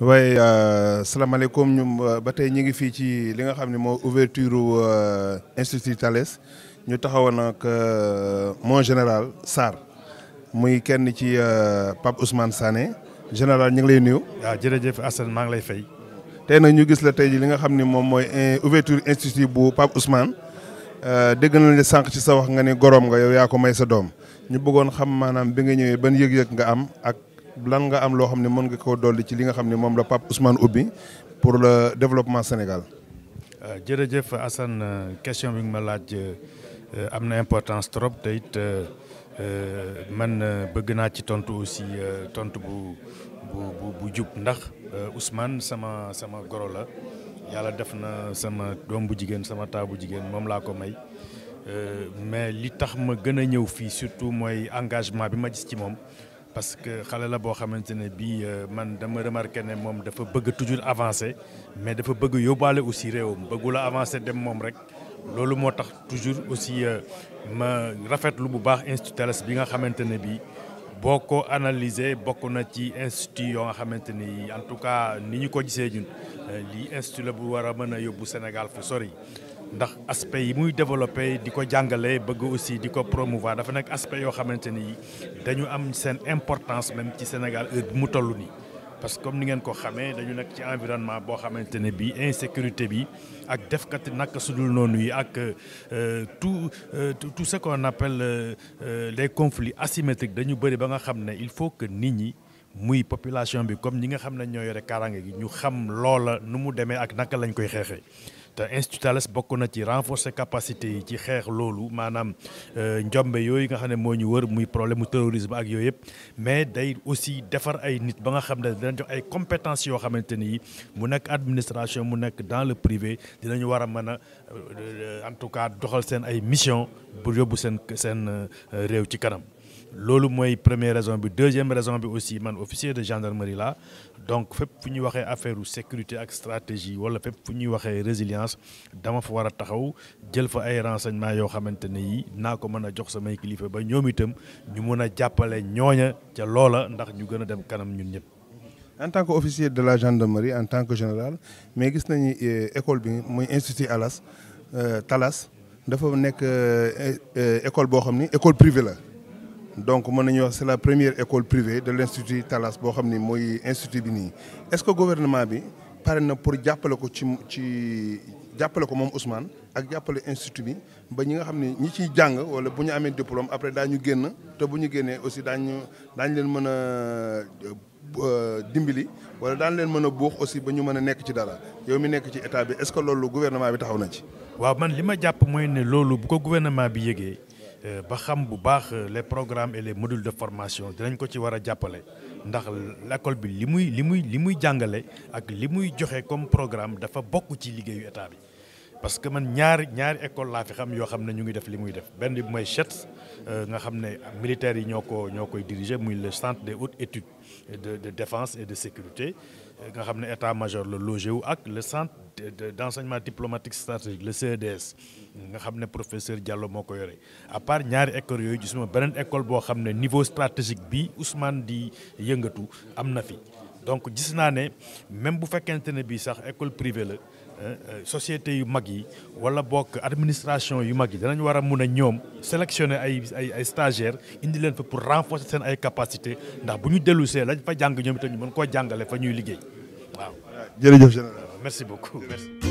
waaye euh, salaamaaleykum ñu euh, ba tey ñu ngi fii ci li nga xam ne moo ouverture euh, institut Thalès ñu taxawoon ak mon général Sarr muy kenn ci Pape Ousmane Sané général ñu ngi lay nuyu. waaw ah, jërëjëf Assane maa ngi lay fay. tey nag ñu gis la tey li nga xam ni moom mooy ouverture institut bu Pape Ousmane dégg nañ la sànq ci sa wax nga ni goroom nga yow yaa ko may sa doom ñu bëggoon xam maanaam bi nga ñëwee ban yëg-yëg nga am ak. blanga nga am lo xam mon mën nga ko doli ci li nga xam mom la pap Ousmane ubbi pour le développement Sénégal. Euh, jef asan euh, question bi nga ma laaj euh, am importance trop te it man beug na ci tontu aussi tontu bu bu bu jub ndax Ousmane sama sama goro la yalla def na sama dom bu jigen sama ta bu jigen mom la ko may mais li tax ma gëna ñëw surtout moy engagement bi ma gis ci mom parce que xalé la bo xamantene bi euh, man dama remarquer né mom dafa bëgg toujours avancer mais dafa bëgg yóbbaale aussi réewam bëggul a avancer dem mom rek lolu motax toujours aussi euh, ma rafetlu bu baax institut bi nga xamantene bi boko analyser bokk na ci institut yo nga xamantene en tout cas ni ñu ko gisé ñun euh, li institut la bu wara mëna mën Sénégal fu sori ndax aspect yi muy développé di ko jàngale bëgg aussi di ko promouvoir dafa nekk aspect yoo xamante ni dañu am seen importance même ci Sénégal heure bi mu toll nii. parce que comme ni ngeen ko xamee dañu nekk ci environnement boo xamante ne bii insécurité bi ak defkati naka sudul noonu yi ak euh, euh, tout tout ce qu'on appelle euh, les conflits asymétriques dañu bëri ba nga xam ne il faut que nit ñi muy population bi comme ñi nga xam ne ñoo yore kaaraange gi ñu xam loola nu mu demee ak naka lañ koy xeexee te institut Thalès na ci renforcer capacité ci xeex lolu manam euh, njombe yoy nga xam mo ñu wër muy problème terrorisme ak yooyu yëpp mais day aussi défar ay nit ba nga xam dinañ jox ay compétences yo xamante mu nekk administration mu nekk dans le privé dinañ wara mëna euh, euh, en tout cas doxal sen ay mission pour yobu sen sen réew ci kanam lolu moy première raison bi deuxième raison bi aussi man officier de gendarmerie là, donc fépp fu waxé affaire sécurité ak stratégie wala fépp fu waxé résilience dama fa war taxaw jël fa ay renseignements yo xamante yi nako ko mën a jox samay kilifa ba ñom itam ñu mën jappalé ñoña ñooña ca loola ndax ñu gëna dem kanam ñun ñëpp. en tant que officier de la gendarmerie en tant que général mais gis nañu eh, école bi moy institut Alas euh, Talas dafa nekk euh, eh, euh, école bo xamni ni école privée la donc mën nañu wax c'est la première école privée de l'institut Thalas boo xam ni mooy institut bi nii est-ce que gouvernement bi pare na pour jàppale ko ci ci jàppale ko moom Ousmane ak jàppale institut bi ba ñi nga xam ne ñi ciy jàng wala bu ñu diplôme après daañu génn te bu ñu génnee aussi daañu daañu leen mën a euh, dimbali wala daan leen mën a buux aussi ba ñu mën a nekk ci dara yow mi nekk ci état bi est-ce que loolu gouvernement bi taxaw na ci. waaw man lima ma jàpp mooy ne loolu bu ko gouvernement bi yëgee. Euh, ba xam bu euh, les programmes et les modules de formation dinañ ko ci war a ndax l'école bi li muy li muy li ak comme programme dafa beaucoup ci liggéeyu état parce que man ñaari ñaari école la fi xam yo xam ne ñu ngi def li muy def benn bi mooy CHETS euh, nga xam ne militaires yi ñoo ko ñoo koy diriger muy le centre des hautes études de de défense et de sécurité euh, nga xam ne état major le logé wu ak le centre d' enseignement diplomatique stratégique le CDS e nga xam ne professeur Diallo moo ko yore à part ñaari école yooyu gisuma beneen école boo xam ne niveau stratégique bi Ousmane di yëngatu am na fi donc gis naa ne même bu fekkente ne bii sax école privée la hein, euh, société yu mag yi wala bokk administration yu mag yi danañ war a mun a ñoom sélectionner ay ay ay stagiaires indi leen fa pour renforcer seen ay capacité ndax bu ñu dellusee lañ fa jàng ñoom itam ñu mën koo jàngale fa ñuy liggéey waaw. jërëjëf général merci beaucoup merci.